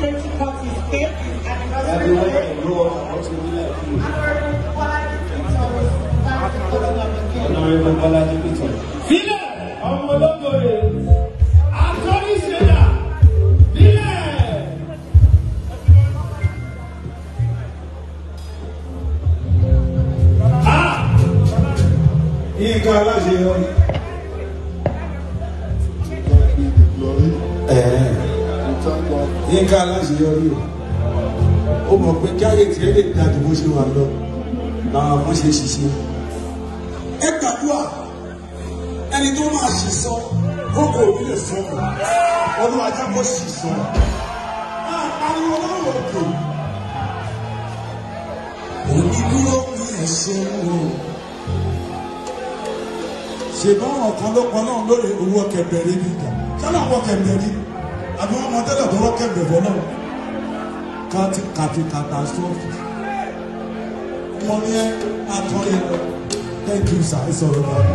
2025th anniversary. Honorable Balaji Peter. Sílẹ̀ ọmọ ológo rẹ̀, àtọ́rí ṣẹ̀dá, nílẹ̀. Yínká yínká aláṣeyọrí o ó mọ̀ pé káyé tiẹ̀ lè dájú bó ṣe wà lọ làwọn àwọn ṣe ṣiṣẹ́. ẹ gbàdúrà ẹni tó máa ṣì sọ kókò òbí lè sọ ọ olúwa jẹ́ kó ṣì sọ máa pariwo lọ́rùn òkè. onídúró ní ẹ̀ṣẹ̀ o ṣèbáwọn kan ló pọn náà lórí owó kẹbẹrẹ níta sọlá owó kẹbẹrẹ níta àbí wọn mọ tẹ́lẹ̀ tó rọ́kẹ̀ bẹ̀fọ́ náà kàti kàti kàtàsọ́ọ̀fù wọn ní ẹ àtọ́yẹ thank you sir it's all right.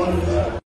Thank you.